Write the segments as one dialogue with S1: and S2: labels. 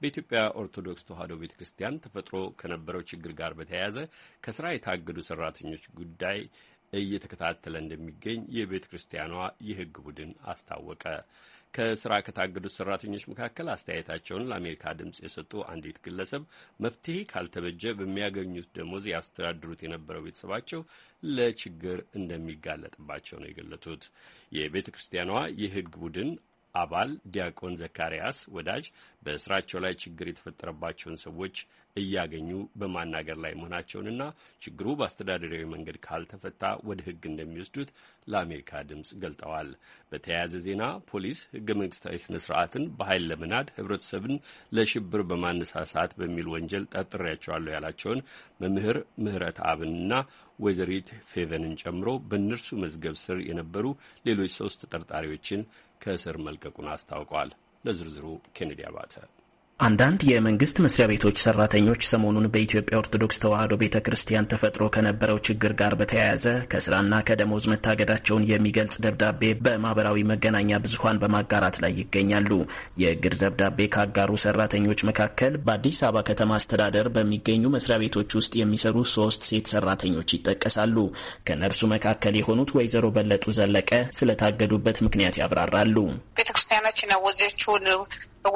S1: በኢትዮጵያ ኦርቶዶክስ ተዋሕዶ ቤተ ክርስቲያን ተፈጥሮ ከነበረው ችግር ጋር በተያያዘ ከስራ የታገዱ ሰራተኞች ጉዳይ እየተከታተለ እንደሚገኝ የቤተ ክርስቲያኗ የሕግ ቡድን አስታወቀ። ከስራ ከታገዱት ሰራተኞች መካከል አስተያየታቸውን ለአሜሪካ ድምፅ የሰጡ አንዲት ግለሰብ መፍትሄ ካልተበጀ በሚያገኙት ደሞዝ ያስተዳድሩት የነበረው ቤተሰባቸው ለችግር እንደሚጋለጥባቸው ነው የገለጡት። የቤተ ክርስቲያኗ የሕግ ቡድን አባል ዲያቆን ዘካርያስ ወዳጅ በስራቸው ላይ ችግር የተፈጠረባቸውን ሰዎች እያገኙ በማናገር ላይ መሆናቸውንና ችግሩ በአስተዳደራዊ መንገድ ካልተፈታ ወደ ሕግ እንደሚወስዱት ለአሜሪካ ድምፅ ገልጠዋል። በተያያዘ ዜና ፖሊስ ሕገ መንግስታዊ ስነ ስርዓትን በኃይል ለመናድ ህብረተሰብን ለሽብር በማነሳሳት በሚል ወንጀል ጠርጥሬያቸዋለሁ ያላቸውን መምህር ምህረት አብንና ወይዘሪት ፌቨንን ጨምሮ በእነርሱ መዝገብ ስር የነበሩ ሌሎች ሶስት ተጠርጣሪዎችን ከእስር መልቀቁን አስታውቋል። ለዝርዝሩ ኬኔዲ አባተ
S2: አንዳንድ የመንግስት መስሪያ ቤቶች ሰራተኞች ሰሞኑን በኢትዮጵያ ኦርቶዶክስ ተዋሕዶ ቤተ ክርስቲያን ተፈጥሮ ከነበረው ችግር ጋር በተያያዘ ከስራና ከደሞዝ መታገዳቸውን የሚገልጽ ደብዳቤ በማህበራዊ መገናኛ ብዙኃን በማጋራት ላይ ይገኛሉ። የእግድ ደብዳቤ ካጋሩ ሰራተኞች መካከል በአዲስ አበባ ከተማ አስተዳደር በሚገኙ መስሪያ ቤቶች ውስጥ የሚሰሩ ሶስት ሴት ሰራተኞች ይጠቀሳሉ። ከነርሱ መካከል የሆኑት ወይዘሮ በለጡ ዘለቀ ስለታገዱበት ምክንያት ያብራራሉ።
S3: ቤተክርስቲያናችን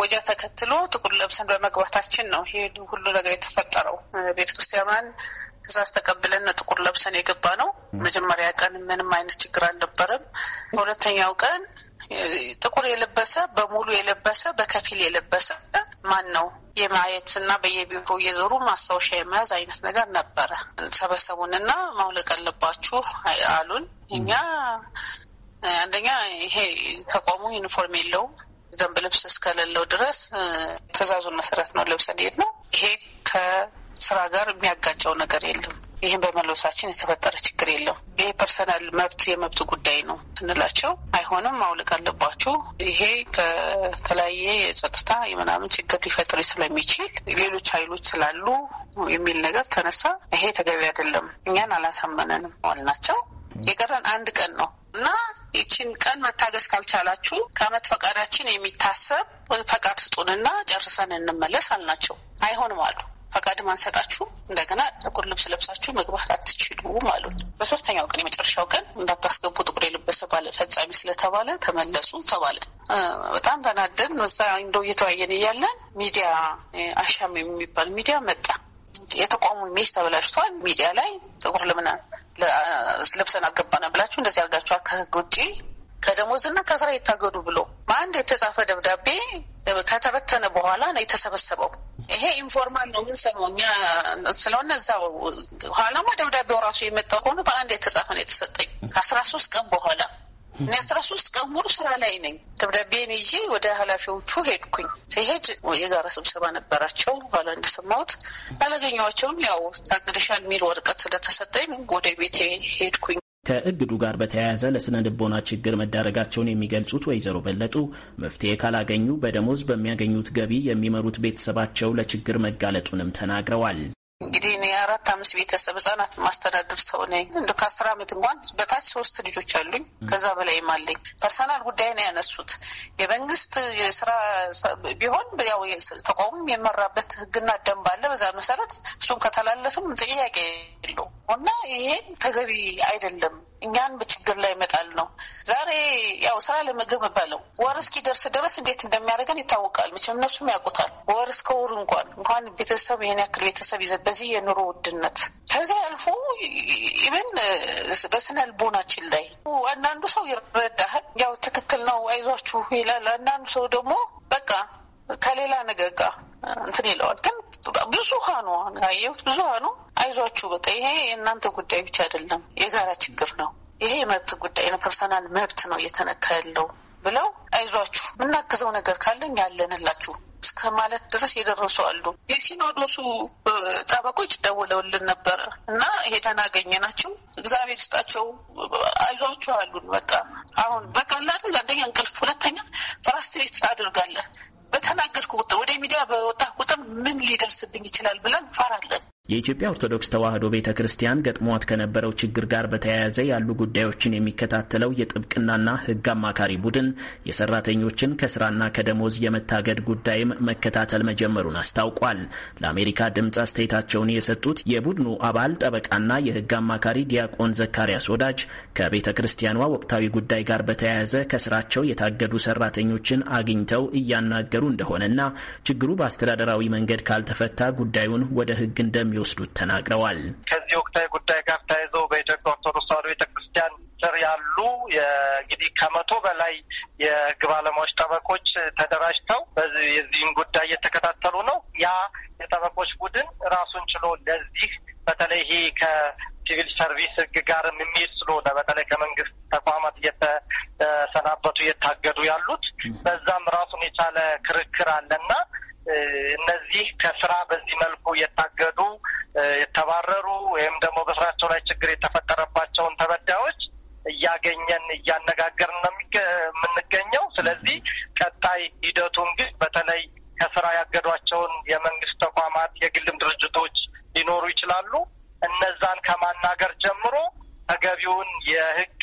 S3: ወጃ ተከትሎ ጥቁር ለብሰን በመግባታችን ነው ይሄ ሁሉ ነገር የተፈጠረው። ቤተ ክርስቲያኗን ትእዛዝ ተቀብለን ጥቁር ለብሰን የገባ ነው። መጀመሪያ ቀን ምንም አይነት ችግር አልነበረም። በሁለተኛው ቀን ጥቁር የለበሰ በሙሉ የለበሰ በከፊል የለበሰ ማን ነው የማየት እና በየቢሮ እየዞሩ ማስታወሻ የመያዝ አይነት ነገር ነበረ። ሰበሰቡንና ማውለቅ አለባችሁ አሉን። እኛ አንደኛ ይሄ ተቋሙ ዩኒፎርም የለውም ዘንብ ልብስ እስከሌለው ድረስ ትዕዛዙን መሰረት ነው ለብሰን ሄድ ነው። ይሄ ከስራ ጋር የሚያጋጨው ነገር የለም። ይህን በመልበሳችን የተፈጠረ ችግር የለም። ይሄ ፐርሰናል መብት የመብት ጉዳይ ነው ስንላቸው አይሆንም፣ ማውለቅ አለባችሁ፣ ይሄ ከተለያየ የጸጥታ የምናምን ችግር ሊፈጥር ስለሚችል ሌሎች ኃይሎች ስላሉ የሚል ነገር ተነሳ። ይሄ ተገቢ አይደለም፣ እኛን አላሳመነንም ዋልናቸው። የቀረን አንድ ቀን ነው እና ይችን ቀን መታገስ ካልቻላችሁ ከአመት ፈቃዳችን የሚታሰብ ፈቃድ ስጡንና ጨርሰን እንመለስ አልናቸው። አይሆንም አሉ። ፈቃድ ማንሰጣችሁ እንደገና ጥቁር ልብስ ለብሳችሁ መግባት አትችሉም አሉን። በሶስተኛው ቀን የመጨረሻው ቀን እንዳታስገቡ ጥቁር የለበሰ ባለ ፈጻሚ ስለተባለ ተመለሱ ተባለ። በጣም ተናደን እዛ እንደው እየተወያየን እያለን ሚዲያ አሻም የሚባል ሚዲያ መጣ። የተቋሙ ሜስ ተበላሽቷል፣ ሚዲያ ላይ ጥቁር ልምና ለብሰን አገባና ብላችሁ እንደዚህ አድርጋችኋል ከህግ ውጪ ከደሞዝና ከስራ የታገዱ ብሎ በአንድ የተጻፈ ደብዳቤ ከተበተነ በኋላ ነው የተሰበሰበው። ይሄ ኢንፎርማል ነው የምንሰማው እኛ ስለሆነ እዛው ኋላማ ደብዳቤው ራሱ የመጣው ከሆነ በአንድ የተጻፈ ነው የተሰጠኝ ከአስራ ሶስት ቀን በኋላ እኔ አስራ ሶስት ቀን ሙሉ ስራ ላይ ነኝ። ደብዳቤን ይዤ ወደ ኃላፊዎቹ ሄድኩኝ። ሲሄድ የጋራ ስብሰባ ነበራቸው። በኋላ እንደሰማሁት አላገኘኋቸውም። ያው ታግደሻል የሚል ወረቀት ስለተሰጠኝ ወደ ቤቴ ሄድኩኝ።
S2: ከእግዱ ጋር በተያያዘ ለስነ ልቦና ችግር መዳረጋቸውን የሚገልጹት ወይዘሮ በለጡ መፍትሄ ካላገኙ በደሞዝ በሚያገኙት ገቢ የሚመሩት ቤተሰባቸው ለችግር መጋለጡንም ተናግረዋል።
S3: እንግዲህ እኔ አራት አምስት ቤተሰብ ህጻናት ማስተዳደር ሰው ነኝ። እንደ ከአስር አመት እንኳን በታች ሶስት ልጆች አሉኝ፣ ከዛ በላይም አለኝ። ፐርሰናል ጉዳይ ነው ያነሱት። የመንግስት የስራ ቢሆን ያው ተቋሙም የመራበት ህግና ደንብ አለ። በዛ መሰረት እሱን ከተላለፍም ጥያቄ የለው እና ይሄ ተገቢ አይደለም። እኛን በችግር ላይ መጣል ነው። ዛሬ ያው ስራ ለምግብ ባለው ወር እስኪደርስ ድረስ እንዴት እንደሚያደርገን ይታወቃል። መቼም እነሱም ያውቁታል። ወር እስከ ወር እንኳን እንኳን ቤተሰብ ይህን ያክል ቤተሰብ ይዘ በዚህ የኑሮ ውድነት ከዚህ አልፎ ኢቨን በስነ ልቦናችን ላይ አንዳንዱ ሰው ይረዳሃል፣ ያው ትክክል ነው አይዟችሁ ይላል። አንዳንዱ ሰው ደግሞ በቃ ከሌላ ነገር ጋር እንትን ይለዋል። ግን ብዙሃኑ አሁን ያየሁት ብዙሃኑ አይዟችሁ በቃ ይሄ የእናንተ ጉዳይ ብቻ አይደለም፣ የጋራ ችግር ነው። ይሄ የመብት ጉዳይ ነው፣ ፐርሰናል መብት ነው እየተነካ ያለው ብለው አይዟችሁ፣ የምናግዘው ነገር ካለን ያለንላችሁ እስከ ማለት ድረስ የደረሱ አሉ። የሲኖዶሱ ጠበቆች ደውለውልን ነበረ እና ሄደን ናቸው። እግዚአብሔር ስጣቸው አይዟችሁ አሉን። በቃ አሁን በቀላል አንደኛ እንቅልፍ፣ ሁለተኛ ፍራስትሬት አድርጋለን። በተናገርኩ ቁጥር ወደ ሚዲያ በወጣ ቁጥር ምን ሊደርስብኝ ይችላል ብለን ፈራለን።
S2: የኢትዮጵያ ኦርቶዶክስ ተዋሕዶ ቤተ ክርስቲያን ገጥሟት ከነበረው ችግር ጋር በተያያዘ ያሉ ጉዳዮችን የሚከታተለው የጥብቅናና ሕግ አማካሪ ቡድን የሰራተኞችን ከስራና ከደሞዝ የመታገድ ጉዳይም መከታተል መጀመሩን አስታውቋል። ለአሜሪካ ድምፅ አስተያየታቸውን የሰጡት የቡድኑ አባል ጠበቃና የሕግ አማካሪ ዲያቆን ዘካርያስ ወዳጅ ከቤተ ክርስቲያኗ ወቅታዊ ጉዳይ ጋር በተያያዘ ከስራቸው የታገዱ ሰራተኞችን አግኝተው እያናገሩ እንደሆነና ችግሩ በአስተዳደራዊ መንገድ ካልተፈታ ጉዳዩን ወደ ሕግ እንደሚ እንደሚወስዱት ተናግረዋል። ከዚህ ወቅታዊ ጉዳይ ጋር ተያይዞ በኢትዮጵያ ኦርቶዶክስ ተዋህዶ
S4: ቤተክርስቲያን ስር ያሉ እንግዲህ ከመቶ በላይ የህግ ባለሙያዎች ጠበቆች ተደራጅተው የዚህን ጉዳይ እየተከታተሉ ነው። ያ የጠበቆች ቡድን ራሱን ችሎ ለዚህ በተለይ ይሄ ከሲቪል ሰርቪስ ህግ ጋር የሚሄድ ስለሆነ በተለይ ከመንግስት ተቋማት እየተሰናበቱ እየታገዱ ያሉት በዛም ራሱን የቻለ ክርክር አለና እነዚህ ከስራ በዚህ መልኩ የታገዱ የተባረሩ ወይም ደግሞ በስራቸው ላይ ችግር የተፈጠረባቸውን ተበዳዮች እያገኘን እያነጋገርን ነው የምንገኘው። ስለዚህ ቀጣይ ሂደቱን ግን በተለይ ከስራ ያገዷቸውን የመንግስት ተቋማት፣ የግልም ድርጅቶች ሊኖሩ ይችላሉ። እነዛን ከማናገር ጀምሮ ተገቢውን የህግ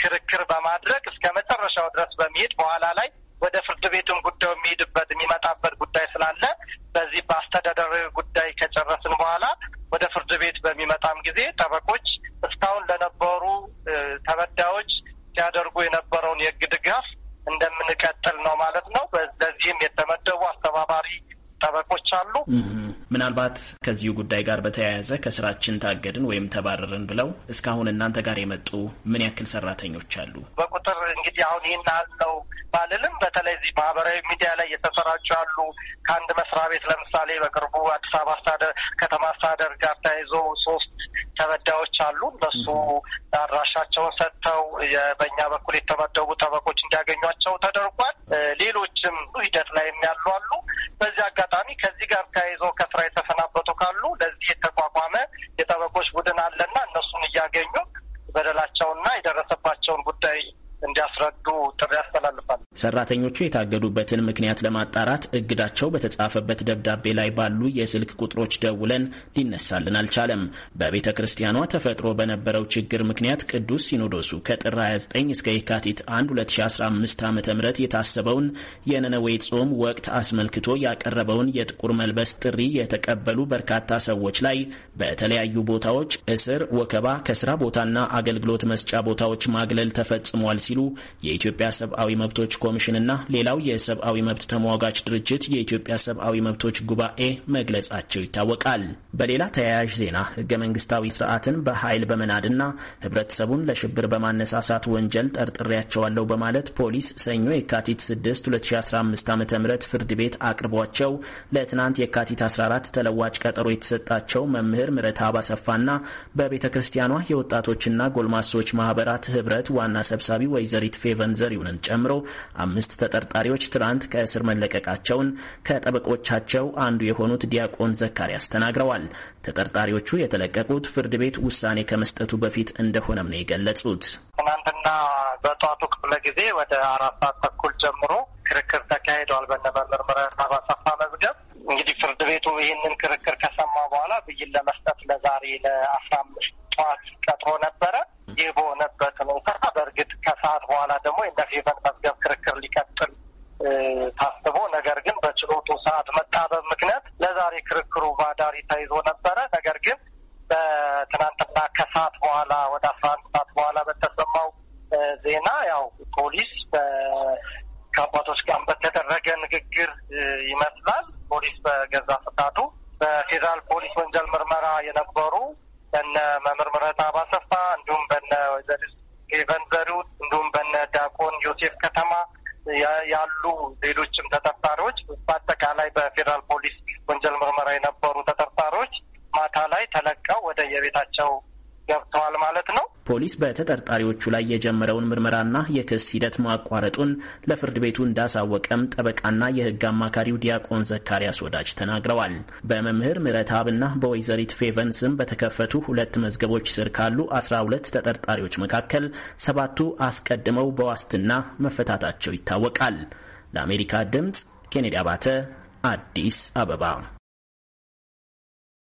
S4: ክርክር በማድረግ እስከ መጨረሻው ድረስ በሚሄድ በኋላ ላይ ወደ ፍርድ ቤቱን ጉዳዩ የሚሄድበት የሚመጣበት
S2: አሉ። ምናልባት ከዚሁ ጉዳይ ጋር በተያያዘ ከስራችን ታገድን ወይም ተባረርን ብለው እስካሁን እናንተ ጋር የመጡ ምን ያክል ሰራተኞች አሉ? በቁጥር
S4: እንግዲህ አሁን ይህን አለው ባልልም፣ በተለይ እዚህ ማህበራዊ ሚዲያ ላይ የተሰራጩ አሉ። ከአንድ መስሪያ ቤት ለምሳሌ በቅርቡ አዲስ አበባ አስተዳደር ከተማ አስተዳደር ጋር ተያይዞ ሶስት ተበዳዮች አሉ። እነሱ አድራሻቸውን ሰጥተው በእኛ በኩል የተመደቡ ጠበቆች እንዲያገኟቸው ተደርጓል። ሌሎችም ሂደት ላይ ያሉ አሉ። በዚህ አጋጣሚ ከዚህ ጋር ተያይዘው ከስራ የተሰናበቱ ካሉ
S2: ሰራተኞቹ የታገዱበትን ምክንያት ለማጣራት እግዳቸው በተጻፈበት ደብዳቤ ላይ ባሉ የስልክ ቁጥሮች ደውለን ሊነሳልን አልቻለም። በቤተ ክርስቲያኗ ተፈጥሮ በነበረው ችግር ምክንያት ቅዱስ ሲኖዶሱ ከጥር 29 እስከ የካቲት 1 2015 ዓ ም የታሰበውን የነነዌ ጾም ወቅት አስመልክቶ ያቀረበውን የጥቁር መልበስ ጥሪ የተቀበሉ በርካታ ሰዎች ላይ በተለያዩ ቦታዎች እስር፣ ወከባ፣ ከስራ ቦታና አገልግሎት መስጫ ቦታዎች ማግለል ተፈጽሟል ሲሉ የኢትዮጵያ ሰብአዊ መብቶች ኮሚሽንና ሌላው የሰብአዊ መብት ተሟጋች ድርጅት የኢትዮጵያ ሰብአዊ መብቶች ጉባኤ መግለጻቸው ይታወቃል። በሌላ ተያያዥ ዜና ህገ መንግስታዊ ስርዓትን በኃይል በመናድና ህብረተሰቡን ለሽብር በማነሳሳት ወንጀል ጠርጥሬያቸዋለሁ በማለት ፖሊስ ሰኞ የካቲት 6 2015 ዓ ም ፍርድ ቤት አቅርቧቸው ለትናንት የካቲት 14 ተለዋጭ ቀጠሮ የተሰጣቸው መምህር ምረትአብ አሰፋና በቤተ ክርስቲያኗ የወጣቶችና ጎልማሶች ማህበራት ህብረት ዋና ሰብሳቢ ወይዘሪት ፌቨን ዘሪሁንን ጨምሮ አምስት ተጠርጣሪዎች ትናንት ከእስር መለቀቃቸውን ከጠበቆቻቸው አንዱ የሆኑት ዲያቆን ዘካሪ ተናግረዋል። ተጠርጣሪዎቹ የተለቀቁት ፍርድ ቤት ውሳኔ ከመስጠቱ በፊት እንደሆነም ነው የገለጹት። ትናንትና
S4: በጠዋቱ ክፍለ ጊዜ ወደ አራት ሰዓት ተኩል ጀምሮ ክርክር ተካሂደዋል። በነበርምር ባሰፋ መዝገብ እንግዲህ ፍርድ ቤቱ ይህንን ክርክር ከሰማ በኋላ ብይን ለመስጠት ለዛሬ ለአስራ አምስት ጠዋት ቀጥሮ ነበረ። ይህ በሆነ ያሉ ሌሎችም ተጠርጣሪዎች በአጠቃላይ በፌዴራል ፖሊስ ወንጀል ምርመራ የነበሩ ተጠርጣሪዎች ማታ ላይ ተለቀው ወደ የቤታቸው
S2: ገብተዋል ማለት ነው። ፖሊስ በተጠርጣሪዎቹ ላይ የጀመረውን ምርመራና የክስ ሂደት ማቋረጡን ለፍርድ ቤቱ እንዳሳወቀም ጠበቃና የህግ አማካሪው ዲያቆን ዘካርያስ ወዳጅ ተናግረዋል። በመምህር ምረትአብና በወይዘሪት ፌቨን ስም በተከፈቱ ሁለት መዝገቦች ስር ካሉ 12 ተጠርጣሪዎች መካከል ሰባቱ አስቀድመው በዋስትና መፈታታቸው ይታወቃል። ለአሜሪካ ድምፅ ኬኔዲ አባተ አዲስ አበባ